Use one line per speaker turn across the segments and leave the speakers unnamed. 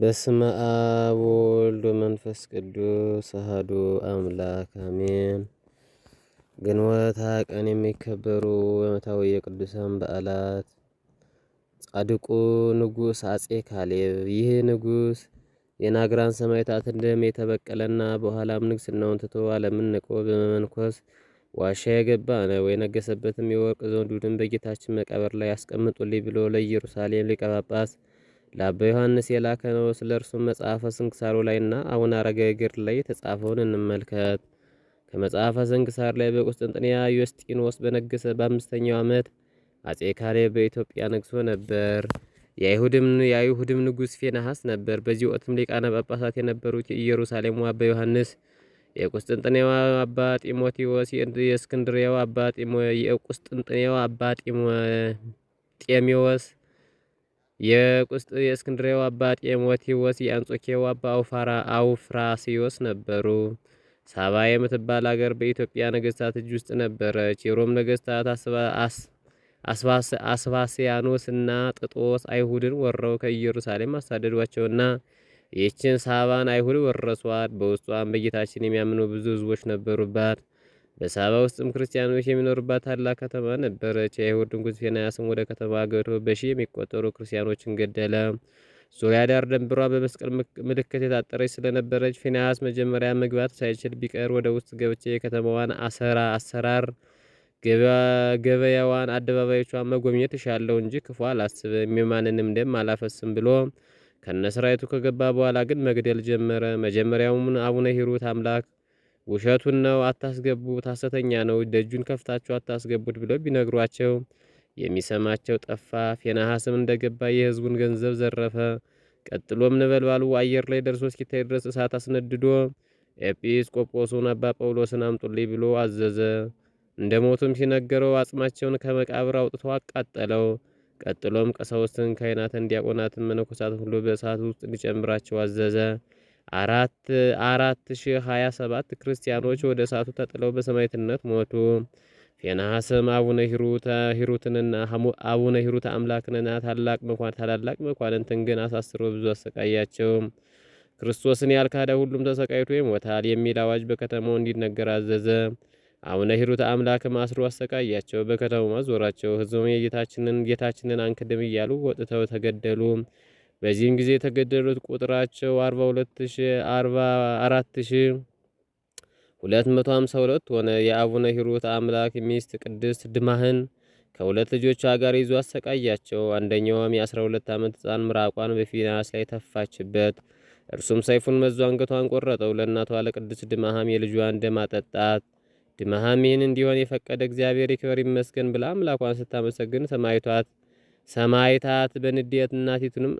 በስመ አብ ወወልድ ወመንፈስ ቅዱስ አሐዱ አምላክ አሜን። ግንቦት ሃያ ቀን የሚከበሩ ዓመታዊ የቅዱሳን በዓላት ጻድቁ ንጉሥ አጼ ካሌብ። ይህ ንጉሥ የናግራን ሰማዕታትን ደም የተበቀለና በኋላም ንግሥናውን ትቶ ዓለምን ንቆ በመመንኮስ ዋሻ የገባ ነው። የነገሰበትም የወርቅ ዘውዱን በጌታችን መቃብር ላይ አስቀምጡልኝ ብሎ ለኢየሩሳሌም ሊቀ ጳጳስ ለአባ ዮሐንስ የላከ ነው። ስለ እርሱም መጽሐፈ ስንክሳሩ ላይና አቡነ አረጋዊ እግር ላይ የተጻፈውን እንመልከት። ከመጽሐፈ ስንክሳር ላይ በቁስጥንጥንያ ዮስጢኖስ በነገሰ በአምስተኛው ዓመት አጼ ካሌብ በኢትዮጵያ ነግሶ ነበር። የአይሁድም ንጉሥ ፌናሐስ ነበር። በዚህ ወቅትም ሊቃነ ጳጳሳት የነበሩት የኢየሩሳሌሙ አባ ዮሐንስ፣ የቁስጥንጥንያው አባ ጢሞቴዎስ፣ የእስክንድሪያው አባ ጢሞቴዎስ፣ የቁስጥንጥንያው አባ ጢሞቴዎስ የቁስጥ የእስክንድሬው አባ ጢሞቴዎስ የአንጾኬው አባ አውፋራ አውፍራሲዮስ ነበሩ። ሳባ የምትባል አገር በኢትዮጵያ ነገስታት እጅ ውስጥ ነበረች። የሮም ነገስታት አስባሲያኖስ እና ጥጦስ አይሁድን ወረው ከኢየሩሳሌም አሳደዷቸውና ይህችን ሳባን አይሁድ ወረሷት። በውስጧን በጌታችን የሚያምኑ ብዙ ህዝቦች ነበሩባት። በሳባ ውስጥም ክርስቲያኖች የሚኖሩባት ታላቅ ከተማ ነበረች። የአይሁድ ንጉሥ ፊናያስም ወደ ከተማ ገብቶ በሺ የሚቆጠሩ ክርስቲያኖችን ገደለ። ዙሪያ ዳር ደንብሯ በመስቀል ምልክት የታጠረች ስለነበረች ፊናያስ መጀመሪያ መግባት ሳይችል ቢቀር ወደ ውስጥ ገብቼ የከተማዋን አሰራ አሰራር ገበያዋን፣ አደባባዮቿን መጎብኘት እሻለሁ እንጂ ክፉ አላስብም፣ የማንንም ደም አላፈስም ብሎ ከነሰራዊቱ ከገባ በኋላ ግን መግደል ጀመረ። መጀመሪያውም አቡነ ሂሩት አምላክ ውሸቱን ነው አታስገቡት፣ ሐሰተኛ ነው፣ ደጁን ከፍታችሁ አታስገቡት ብለው ቢነግሯቸው የሚሰማቸው ጠፋ። ፊንሐስም እንደገባ የሕዝቡን ገንዘብ ዘረፈ። ቀጥሎም ነበልባሉ አየር ላይ ደርሶ እስኪታይ ድረስ እሳት አስነድዶ ኤጲስቆጶሱን አባ ጳውሎስን አምጡልኝ ብሎ አዘዘ። እንደ ሞቱም ሲነገረው አጽማቸውን ከመቃብር አውጥቶ አቃጠለው። ቀጥሎም ቀሳውስትን፣ ካህናትን፣ ዲያቆናትን፣ መነኮሳትን ሁሉ በእሳት ውስጥ እንዲጨምራቸው አዘዘ። አራት አራት ሺ ሀያ ሰባት ክርስቲያኖች ወደ እሳቱ ተጥለው በሰማዕትነት ሞቱ። ፊንሐስም አቡነ ሂሩትንና አቡነ ሂሩት አምላክንና ታላቅ መኳን ታላላቅ መኳንንትን ግን አሳስሮ ብዙ አሰቃያቸው። ክርስቶስን ያልካደ ሁሉም ተሰቃይቶ ይሞታል የሚል አዋጅ በከተማው እንዲነገር አዘዘ። አቡነ ሂሩት አምላክም አስሮ አሰቃያቸው፣ በከተማው አዞራቸው። ሕዝቡም የጌታችንን ጌታችንን አንክድም እያሉ ወጥተው ተገደሉ። በዚህም ጊዜ የተገደሉት ቁጥራቸው 42252 ሆነ። የአቡነ ሂሩት አምላክ ሚስት ቅድስት ድማህን ከሁለት ልጆቿ ጋር ይዞ አሰቃያቸው። አንደኛውም የ12 ዓመት ህፃን ምራቋን በፊናስ ላይ ተፋችበት። እርሱም ሰይፉን መዞ አንገቷን ቆረጠው። ለእናቷ ለቅድስት ድማሃም የልጇን ደም አጠጣት። ድማሃም ይህን እንዲሆን የፈቀደ እግዚአብሔር ይክበር ይመስገን ብላ አምላኳን ስታመሰግን ሰማይቷት ሰማይታት በንዴት እናቲቱንም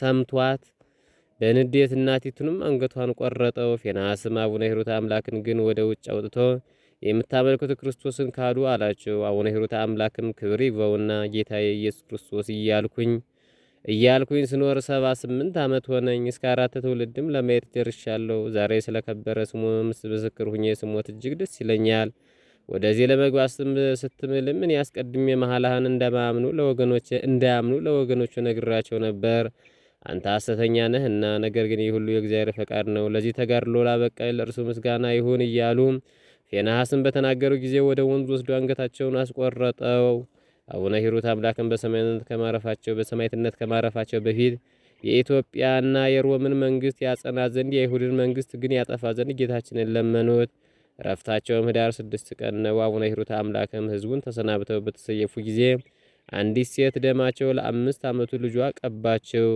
ሰምቷት በንዴት እናቲቱንም አንገቷን ቆረጠው። ፊናስም አቡነ ሂሩት አምላክን ግን ወደ ውጭ አውጥቶ የምታመልኩት ክርስቶስን ካዱ አላቸው። አቡነ ሂሩት አምላክም ክብር ይግባውና ጌታዬ ኢየሱስ ክርስቶስ እያልኩኝ እያልኩኝ ስኖር ሰባ ስምንት ዓመት ሆነኝ። እስከ አራት ትውልድም ለመሄድ ደርሻለሁ። ዛሬ ስለከበረ ስሙ ምስክር ሁኜ ስሞት እጅግ ደስ ይለኛል። ወደዚህ ለመግባት ስትምል ምን አስቀድሜ መሐላህን እንደማምኑ ለወገኖች እንዳያምኑ ለወገኖቹ ነግራቸው ነበር። አንተ ሐሰተኛ ነህና፣ ነገር ግን ይህ ሁሉ የእግዚአብሔር ፈቃድ ነው። ለዚህ ተጋድሎ በቀል ለእርሱ ምስጋና ይሁን እያሉ ፊንሐስን በተናገሩ ጊዜ ወደ ወንዝ ወስዶ አንገታቸውን አስቆረጠው። አቡነ ሂሩት አምላክን በሰማዕትነት ከማረፋቸው በሰማዕትነት ከማረፋቸው በፊት የኢትዮጵያና የሮምን መንግስት ያጸና ዘንድ የአይሁድን መንግስት ግን ያጠፋ ዘንድ ጌታችንን ለመኑት። እረፍታቸውም ህዳር ስድስት ቀን ነው። አቡነ ሂሩት አምላክም ህዝቡን ተሰናብተው በተሰየፉ ጊዜ አንዲት ሴት ደማቸው ለአምስት ዓመቱ ልጇ ቀባቸው።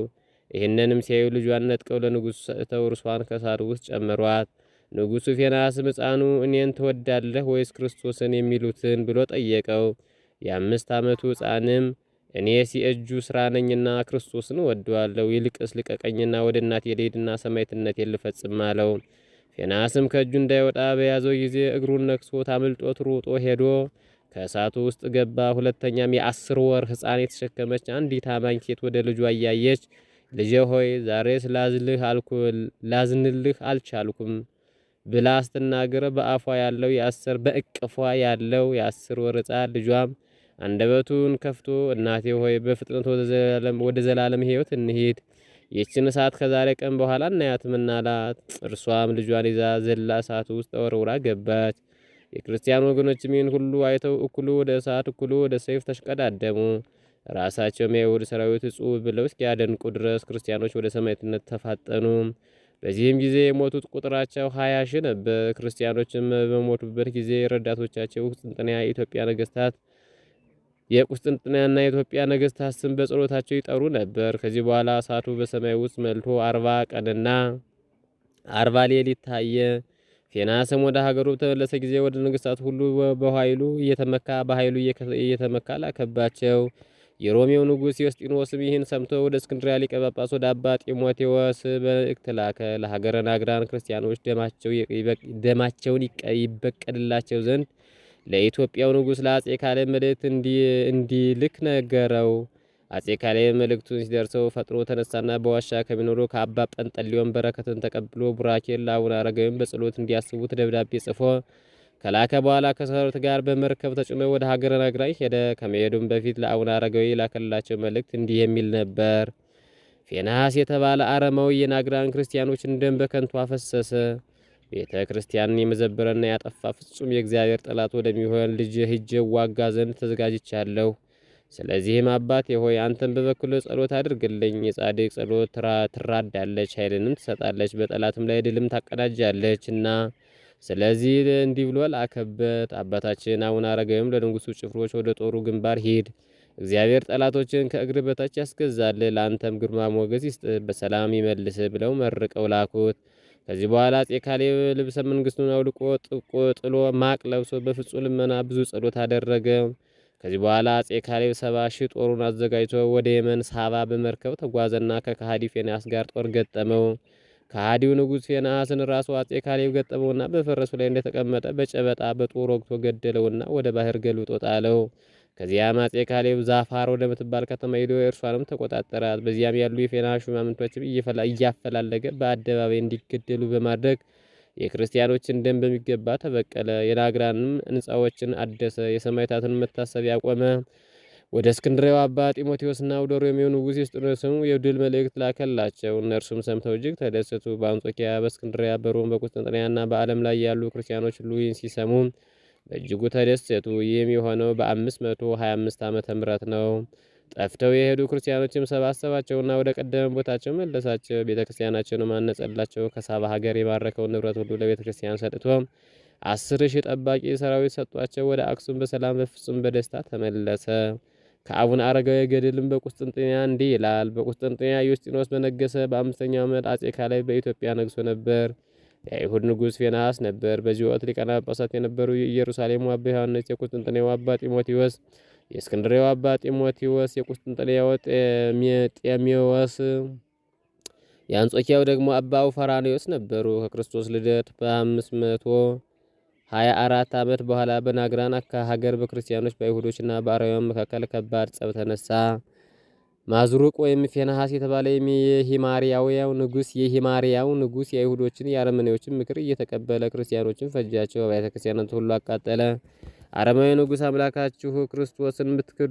ይህንንም ሲያዩ ልጇን ነጥቀው ለንጉሥ ሰጥተው እርሷን ከሳር ውስጥ ጨመሯት። ንጉሱ ፌናስም ሕፃኑ እኔን ትወዳለህ ወይስ ክርስቶስን የሚሉትን ብሎ ጠየቀው። የአምስት ዓመቱ ሕፃንም እኔ ሲእጁ ሥራ ነኝና ክርስቶስን እወደዋለሁ፣ ይልቅስ ልቀቀኝና ወደ እናቴ ልሂድና ሰማዕትነቴን ልፈጽም አለው። ፊናስም ከእጁ እንዳይወጣ በያዘው ጊዜ እግሩን ነክሶ ታምልጦት ሮጦ ሄዶ ከእሳቱ ውስጥ ገባ። ሁለተኛም የአስር ወር ሕፃን የተሸከመች አንዲት ታማኝ ሴት ወደ ልጇ እያየች ልጄ ሆይ ዛሬስ ላዝንልህ አልቻልኩም ብላ ስትናገር በአፏ ያለው የአስር በእቅፏ ያለው የአስር ወር ሕፃን ልጇም አንደበቱን ከፍቶ እናቴ ሆይ በፍጥነት ወደ ዘላለም ሕይወት እንሂድ ይህችን እሳት ከዛሬ ቀን በኋላ እናያትም አላት። እርሷም ልጇን ይዛ ዘላ እሳት ውስጥ ተወርውራ ገባች። የክርስቲያን ወገኖችም ይህን ሁሉ አይተው እኩሉ ወደ እሳት እኩሉ ወደ ሰይፍ ተሽቀዳደሙ። ራሳቸውም የአይሁድ ሰራዊት እጹብ ብለው እስኪያደንቁ ድረስ ክርስቲያኖች ወደ ሰማዕትነት ተፋጠኑ። በዚህም ጊዜ የሞቱት ቁጥራቸው ሀያ ሺህ ነበር። ክርስቲያኖችም በሞቱበት ጊዜ ረዳቶቻቸው ቁስጥንጥንያ የኢትዮጵያ ነገስታት የቁስጥንጥንያና የኢትዮጵያ ነገሥታት ስም በጸሎታቸው ይጠሩ ነበር። ከዚህ በኋላ እሳቱ በሰማይ ውስጥ መልቶ አርባ ቀንና አርባ ሌሊት ታየ። ፊናስም ወደ ሀገሩ በተመለሰ ጊዜ ወደ ነገስታት ሁሉ በኃይሉ እየተመካ በኃይሉ እየተመካ ላከባቸው። የሮሜው ንጉሥ ዮስጢኖስም ይህን ሰምቶ ወደ እስክንድሪያ ሊቀ ጳጳስ ወደ አባ ጢሞቴዎስ መልእክት ላከ። ለሀገረ ናግራን ክርስቲያኖች ደማቸውን ይበቀልላቸው ዘንድ ለኢትዮጵያው ንጉሥ ለአጼ ካሌብ መልእክት እንዲልክ ነገረው። አጼ ካሌብ መልእክቱን ሲደርሰው ፈጥኖ ተነሳና በዋሻ ከሚኖሩ ከአባ ጰንጠሌዎን በረከትን ተቀብሎ ቡራኬን ለአቡነ አረጋዊም በጸሎት እንዲያስቡት ደብዳቤ ጽፎ ከላከ በኋላ ከሰራዊት ጋር በመርከብ ተጭኖ ወደ ሀገረ ናግራኝ ሄደ። ከመሄዱም በፊት ለአቡነ አረጋዊ የላከላቸው መልእክት እንዲህ የሚል ነበር። ፊንሐስ የተባለ አረማዊ የናግራን ክርስቲያኖችን ደም በከንቱ አፈሰሰ። ቤተ ክርስቲያንን የመዘበረና ያጠፋ ፍጹም የእግዚአብሔር ጠላት ወደሚሆን ልጅ ሂጄ ዋጋ ዘንድ ተዘጋጅቻለሁ። ስለዚህም አባቴ ሆይ አንተን በበኩል ጸሎት አድርግልኝ። የጻድቅ ጸሎት ትራዳለች፣ ኃይልንም ትሰጣለች፣ በጠላትም ላይ ድልም ታቀዳጃለች እና ስለዚህ እንዲህ ብሎ ላከበት። አባታችን አቡነ አረጋዊም ለንጉሱ ጭፍሮች ወደ ጦሩ ግንባር ሂድ፣ እግዚአብሔር ጠላቶችን ከእግር በታች ያስገዛል፣ ለአንተም ግርማ ሞገስ ይስጥ፣ በሰላም ይመልስ ብለው መርቀው ላኩት። ከዚህ በኋላ አፄ ካሌብ ልብሰ መንግስቱን አውልቆ ጥቆ ጥሎ ማቅ ለብሶ በፍጹም ልመና ብዙ ጸሎት አደረገ። ከዚህ በኋላ አፄ ካሌብ ሰባ ሺህ ጦሩን አዘጋጅቶ ወደ የመን ሳባ በመርከብ ተጓዘና ከካሃዲ ፌንያስ ጋር ጦር ገጠመው። ከሃዲው ንጉሥ ፌንያስን ራሱ አፄ ካሌብ ገጠመውና በፈረሱ ላይ እንደተቀመጠ በጨበጣ በጦር ወግቶ ገደለውና ወደ ባህር ገልብጦ ጣለው። ከዚያ አጼ ካሌብ ዛፋር ወደምትባል ከተማ ሄዶ እርሷንም ተቆጣጠራት። በዚያም ያሉ የፌና ሹማምንቶችም እያፈላለገ በአደባባይ እንዲገደሉ በማድረግ የክርስቲያኖችን ደም በሚገባ ተበቀለ። የናግራንም ሕንፃዎችን አደሰ። የሰማዕታቱን መታሰቢያ አቆመ። ወደ እስክንድሬው አባ ጢሞቴዎስና ወደ ሮሜው ንጉሥ ዩስጥዮስም የድል መልእክት ላከላቸው። እነርሱም ሰምተው እጅግ ተደሰቱ። በአንጾኪያ፣ በእስክንድሪያ፣ በሮም፣ በቁስጥንጥንያና በዓለም ላይ ያሉ ክርስቲያኖች ሁሉ ይህን ሲሰሙ በእጅጉ ተደሰቱ። ይህም የሆነው በ525 ዓመተ ምህረት ነው። ጠፍተው የሄዱ ክርስቲያኖችም ሰባሰባቸውና ወደ ቀደመ ቦታቸው መለሳቸው። ቤተ ክርስቲያናቸውንም ማነጸላቸው። ከሳባ ሀገር የማረከውን ንብረት ሁሉ ለቤተ ክርስቲያን ሰጥቶ አስር ሺህ ጠባቂ ሰራዊት ሰጧቸው። ወደ አክሱም በሰላም በፍጹም በደስታ ተመለሰ። ከአቡነ አረጋዊ ገድልም በቁስጥንጥንያ እንዲህ ይላል። በቁስጥንጥንያ ዩስጢኖስ በነገሰ በአምስተኛው ዓመት አጼ ካላይ በኢትዮጵያ ነግሶ ነበር። የአይሁድ ንጉሥ ፊናስ ነበር። በዚህ ወቅት ሊቃነ ጳጳሳት የነበሩ የኢየሩሳሌሙ አባ ዮሐንስ፣ የቁስጥንጥኔው አባ ጢሞቴዎስ፣ የእስክንድሬው አባ ጢሞቴዎስ፣ የቁስጥንጥኔው ጤሜዎስ፣ የአንጾኪያው ደግሞ አባ አውፈራኒዎስ ነበሩ። ከክርስቶስ ልደት በአምስት መቶ ሀያ አራት ዓመት በኋላ በናግራን ሀገር በክርስቲያኖች በአይሁዶችና በአራውያን መካከል ከባድ ጸብ ተነሳ። ማዝሩቅ ወይም ፊንሐስ የተባለ የሂማርያው ንጉስ የሂማርያው ንጉስ የአይሁዶችን የአረመኔዎችን ምክር እየተቀበለ ክርስቲያኖችን ፈጃቸው፣ አብያተ ክርስቲያናት ሁሉ አቃጠለ። አረማዊ ንጉስ አምላካችሁ ክርስቶስን ብትክዱ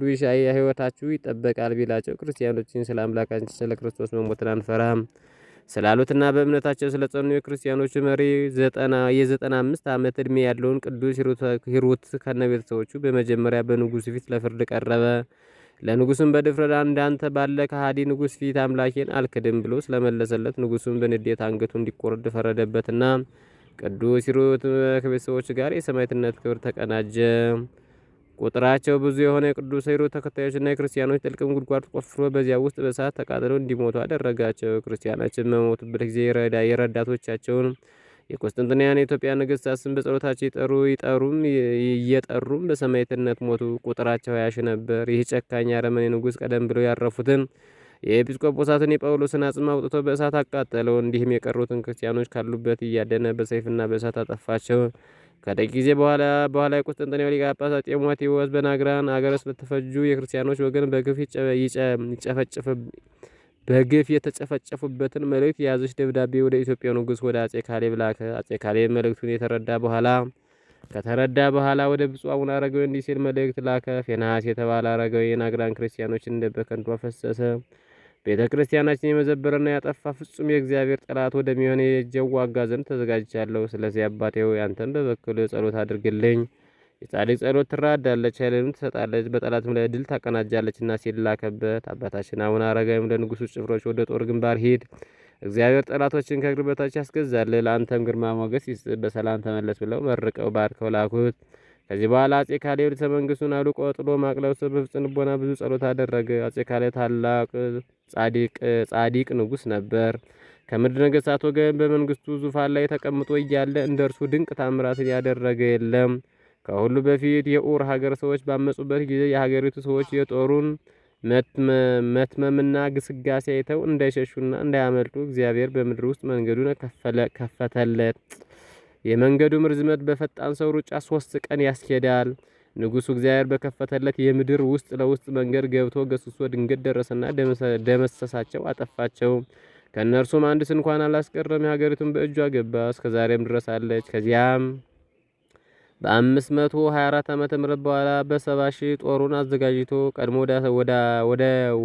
ህይወታችሁ ይጠበቃል ቢላቸው ክርስቲያኖችን ስለ አምላካችን ስለ ክርስቶስ መሞትን አንፈራም ስላሉትና በእምነታቸው ስለ ጸኑ የክርስቲያኖቹ መሪ የዘጠና አምስት ዓመት ዕድሜ ያለውን ቅዱስ ሂሩት ከነ ቤተሰቦቹ በመጀመሪያ በንጉሱ ፊት ለፍርድ ቀረበ። ለንጉሱም በድፍረት እንዳንተ ባለ ከሃዲ ንጉስ ፊት አምላኬን አልክድም ብሎ ስለመለሰለት ንጉሱም በንዴት አንገቱ እንዲቆረድ ፈረደበትና ቅዱስ ሂሩት ከቤተሰቦች ጋር የሰማዕትነት ክብር ተቀናጀ። ቁጥራቸው ብዙ የሆነ የቅዱስ ሂሩት ተከታዮችና የክርስቲያኖች ጥልቅም ጉድጓድ ቆፍሮ በዚያ ውስጥ በእሳት ተቃጥለው እንዲሞቱ አደረጋቸው። ክርስቲያኖችን በሞቱበት ጊዜ የረዳቶቻቸውን የቁስጥንጥንያን የኢትዮጵያ ነገሥታት ስም በጸሎታቸው ይጠሩ ይጠሩም እየጠሩም በሰማዕትነት ሞቱ። ቁጥራቸው ያሽ ነበር። ይህ ጨካኝ አረመኔ ንጉስ ቀደም ብለው ያረፉትን የኤጲስቆጶሳትን የጳውሎስን አጽም አውጥቶ በእሳት አቃጠለው። እንዲህም የቀሩትን ክርስቲያኖች ካሉበት እያደነ በሰይፍና በእሳት አጠፋቸው። ከደቂ ጊዜ በኋላ በኋላ የቁስጥንጥንያው ሊቀ ጳጳሳት ጢሞቴዎስ በናግራን አገር ስለተፈጁ የክርስቲያኖች ወገን በግፍ ይጨፈጭፍ በግፍ የተጨፈጨፉበትን መልእክት የያዘች ደብዳቤ ወደ ኢትዮጵያ ንጉሥ ወደ አጼ ካሌብ ላከ። አጼ ካሌብ መልእክቱን የተረዳ በኋላ ከተረዳ በኋላ ወደ ብፁዕ አቡነ አረጋዊ እንዲህ ሲል መልእክት ላከ። ፊንሐስ የተባለ አረጋዊ የናግራን ክርስቲያኖችን እንደ በከንቱ አፈሰሰ። ቤተ ክርስቲያናችን የመዘበረና ያጠፋ ፍጹም የእግዚአብሔር ጠላት ወደሚሆን የጀዋጋ አጋዘን ተዘጋጅቻለሁ። ስለዚህ አባቴው ያንተን በበኩል ጸሎት አድርግልኝ የጻድቅ ጸሎት ትራዳለች፣ ኃይልንም ትሰጣለች፣ በጠላትም ላይ ድል ታቀናጃለችና ሲል ላከበት። አባታችን አቡነ አረጋዊም ለንጉሱ ጭፍሮች ወደ ጦር ግንባር ሂድ፣ እግዚአብሔር ጠላቶችን ከእግር በታች ያስገዛል፣ ለአንተም ግርማ ሞገስ ይስጥ፣ በሰላም ተመለስ ብለው መርቀው ባርከው ላኩት። ከዚህ በኋላ አጼ ካሌብ ቤተ መንግስቱን አውልቆ ጥሎ ማቅለብሶ በፍጹም ልቦና ብዙ ጸሎት አደረገ። አጼ ካሌብ ታላቅ ጻዲቅ ንጉስ ነበር። ከምድር ነገሥታት ወገን በመንግስቱ ዙፋን ላይ ተቀምጦ እያለ እንደ እርሱ ድንቅ ታምራትን ያደረገ የለም። ከሁሉ በፊት የኡር ሀገር ሰዎች ባመጹበት ጊዜ የሀገሪቱ ሰዎች የጦሩን መትመምና ግስጋሴ አይተው እንዳይሸሹና እንዳያመልጡ እግዚአብሔር በምድር ውስጥ መንገዱን ከፈተለት። የመንገዱም ርዝመት በፈጣን ሰው ሩጫ ሶስት ቀን ያስኬዳል። ንጉሱ እግዚአብሔር በከፈተለት የምድር ውስጥ ለውስጥ መንገድ ገብቶ ገስሶ ድንገት ደረሰና ደመሰሳቸው፣ አጠፋቸው። ከእነርሱም አንድስ እንኳን አላስቀረም። የሀገሪቱን በእጁ አገባ፣ እስከዛሬም ድረሳለች ድረስ አለች። ከዚያም በአምስት መቶ ሀያ ዓመተ ምህረት በኋላ በሰባ ሺህ ጦሩን አዘጋጅቶ ቀድሞ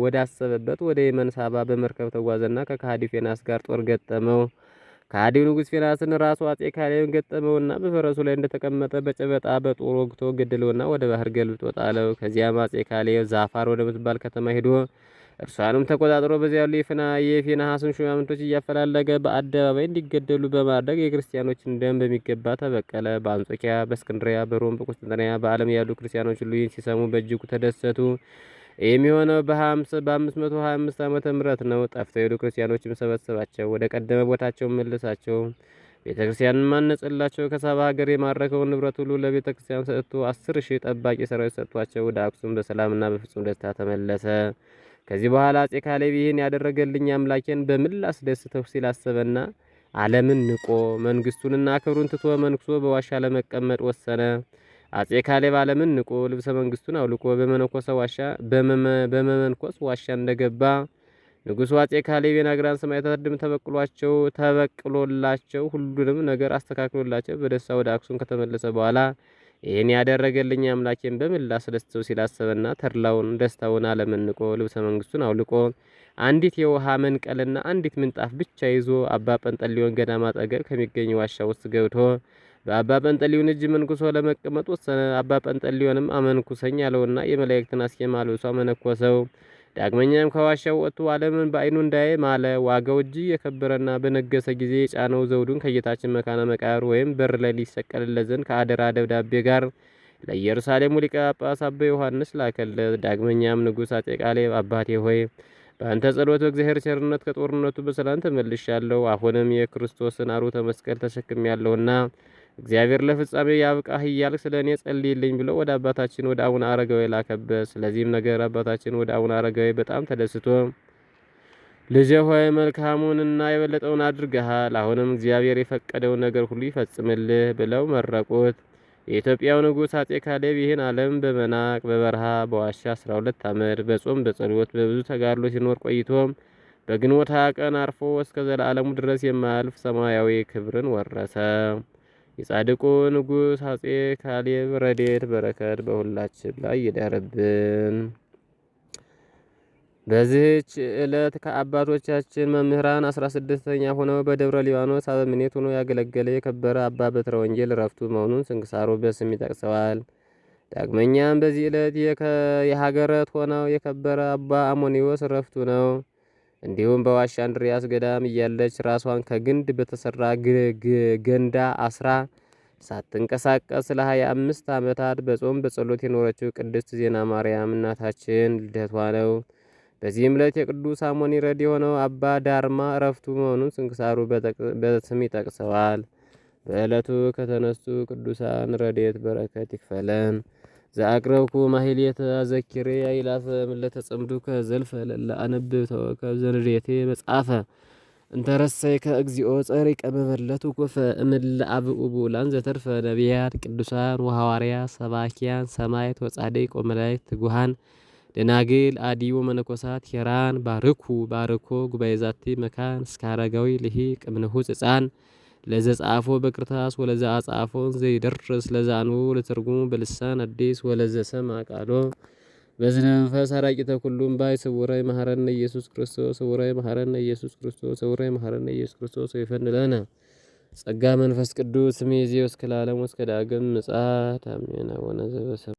ወዳሰበበት ወደ የመን ሳባ በመርከብ ተጓዘና ከካሃዲው ፌናስ ጋር ጦር ገጠመው። ከሃዲው ንጉሥ ፌናስን ራሱ አጼ ካሌብን ገጠመውና በፈረሱ ላይ እንደተቀመጠ በጨበጣ በጦር ወግቶ ገድለውና ወደ ባህር ገልብጦ ጣለው። ከዚያም አጼ ካሌብ ዛፋር ወደምትባል ከተማ ሄዶ እርሷንም ተቆጣጥሮ በዚያ ያሉ የፊንሐስን ሹማምንቶች እያፈላለገ በአደባባይ እንዲገደሉ በማድረግ የክርስቲያኖችን ደም በሚገባ ተበቀለ። በአንጾኪያ፣ በእስክንድሪያ፣ በሮም፣ በቁስጥንጥንያ በዓለም ያሉ ክርስቲያኖች ሁሉ ይህን ሲሰሙ በእጅጉ ተደሰቱ። የሆነው በ525 ዓመተ ምህረት ነው። ጠፍተው የሄዱ ክርስቲያኖችም ሰበሰባቸው፣ ወደ ቀደመ ቦታቸው መለሳቸው፣ ቤተ ክርስቲያንን ማነጽላቸው። ከሰባ ሀገር የማረከውን ንብረት ሁሉ ለቤተ ክርስቲያን ሰጥቶ አስር ሺህ ጠባቂ ሰራዊት ሰጥቷቸው ወደ አክሱም በሰላምና በፍጹም ደስታ ተመለሰ። ከዚህ በኋላ አፄ ካሌብ ይህን ያደረገልኝ አምላኬን በምን ላስደስተው ሲል አሰበና ዓለምን ንቆ መንግስቱንና ክብሩን ትቶ መንክሶ በዋሻ ለመቀመጥ ወሰነ። አፄ ካሌብ ዓለምን ንቆ ልብሰ መንግስቱን አውልቆ በመነኮሰ ዋሻ በመመንኮስ ዋሻ እንደገባ ንጉሱ አጼ ካሌብ የናግራን ሰማዕታት ድም ተበቅሏቸው ተበቅሎላቸው ሁሉንም ነገር አስተካክሎላቸው በደስታ ወደ አክሱም ከተመለሰ በኋላ ይህን ያደረገልኝ አምላኬን በምን ላስደስተው ሲላሰበና ተድላውን ደስታውን አለመንቆ ልብሰ መንግስቱን አውልቆ አንዲት የውሃ መንቀልና አንዲት ምንጣፍ ብቻ ይዞ አባ ጰንጠሌዎን ገዳም አጠገብ ከሚገኝ ዋሻ ውስጥ ገብቶ በአባ ጰንጠሌዎን እጅ መንኩሶ ለመቀመጥ ወሰነ። አባ ጰንጠሌዎንም አመንኩሰኝ አለውና የመላእክትን አስኬማ ልብሷ መነኮሰው። ዳግመኛም ከዋሻው ወጥቶ ዓለምን በዓይኑ እንዳየ ማለ። ዋጋው እጅ የከበረና በነገሰ ጊዜ የጫነው ዘውዱን ከጌታችን መካነ መቃብር ወይም በር ላይ ሊሰቀልለት ዘንድ ከአደራ ደብዳቤ ጋር ለኢየሩሳሌሙ ሊቀ ጳጳስ አባ ዮሐንስ ላከለት። ዳግመኛም ንጉሥ አጤ ቃሌብ አባቴ ሆይ በአንተ ጸሎት በእግዚአብሔር ቸርነት ከጦርነቱ በሰላም ተመልሻለሁ። አሁንም የክርስቶስን አሩተ መስቀል ተሸክሜያለሁና እግዚአብሔር ለፍጻሜ ያብቃህ እያልክ ስለ እኔ ጸልይልኝ ብሎ ወደ አባታችን ወደ አቡነ አረጋዊ ላከበት። ስለዚህም ነገር አባታችን ወደ አቡነ አረጋዊ በጣም ተደስቶ ልጄ ሆይ መልካሙንና የበለጠውን አድርገሃል፣ አሁንም እግዚአብሔር የፈቀደውን ነገር ሁሉ ይፈጽምልህ ብለው መረቁት። የኢትዮጵያው ንጉሥ አጼ ካሌብ ይህን ዓለም በመናቅ በበረሃ በዋሻ 12 ዓመት በጾም በጸሎት በብዙ ተጋድሎ ሲኖር ቆይቶ በግንቦት ሃያ ቀን አርፎ እስከ ዘለዓለሙ ድረስ የማያልፍ ሰማያዊ ክብርን ወረሰ። የጻድቁ ንጉሥ አጼ ካሌብ ረዴት በረከት በሁላችን ላይ ይደርብን። በዚህች ዕለት ከአባቶቻችን መምህራን አስራ ስድስተኛ ሆነው በደብረ ሊባኖስ አበምኔት ሆኖ ያገለገለ የከበረ አባ በትረ ወንጌል ረፍቱ መሆኑን ስንክሳሩ በስም ይጠቅሰዋል። ዳግመኛም በዚህ ዕለት የሀገረት ሆነው የከበረ አባ አሞኒዎስ ረፍቱ ነው። እንዲሁም በዋሻ እንድርያስ ገዳም እያለች ራሷን ከግንድ በተሰራ ገንዳ አስራ ሳትንቀሳቀስ ለሀያ አምስት ዓመታት በጾም በጸሎት የኖረችው ቅድስት ዜና ማርያም እናታችን ልደቷ ነው። በዚህም ዕለት የቅዱስ አሞኒ ረድ የሆነው አባ ዳርማ እረፍቱ መሆኑን ስንክሳሩ በስም ይጠቅሰዋል። በዕለቱ ከተነሱ ቅዱሳን ረድኤት በረከት ይክፈለን። ዘአቅረብኩ ማህሌተ አዘኪሬ አእላፈ እምለተ ጽምዱከ ዘልፈ ለላ አነብብ ተወከብ ዘንዴቴ መጽሐፈ እንተረሰይከ እግዚኦ ጸሪቀ መበለቱ ኮፈ እምለ አብኡቡ ላን ዘተርፈ ነቢያት ቅዱሳን ወሐዋርያ ሰባኪያን ሰማይት ወጻድቅ ወመላእክት ትጉሃን ደናግል አዲዮ መነኮሳት ሄራን ባርኩ ባርኮ ጉባኤ ዛቲ መካን እስካረጋዊ ልሂ ቅምንሁ ጽጻን ለዘ ጻፎ በክርታስ ወለዘ አጻፎ ዘይደርስ ለዛ አንቦ ለትርጉሙ በልሳን አዲስ ወለዘ ሰማ ቃሎ በዝነ መንፈስ አራቂተ ኩሉም ባይ ስውራይ መሐረነ ኢየሱስ ክርስቶስ ስውራይ መሐረነ ኢየሱስ ክርስቶስ ስውራይ መሐረነ ኢየሱስ ክርስቶስ ይፈን ለነ ጸጋ መንፈስ ቅዱስ ሚዜ እስከ ለዓለም ወስከ ዳግም ምጽአት አሜን። ወነዘ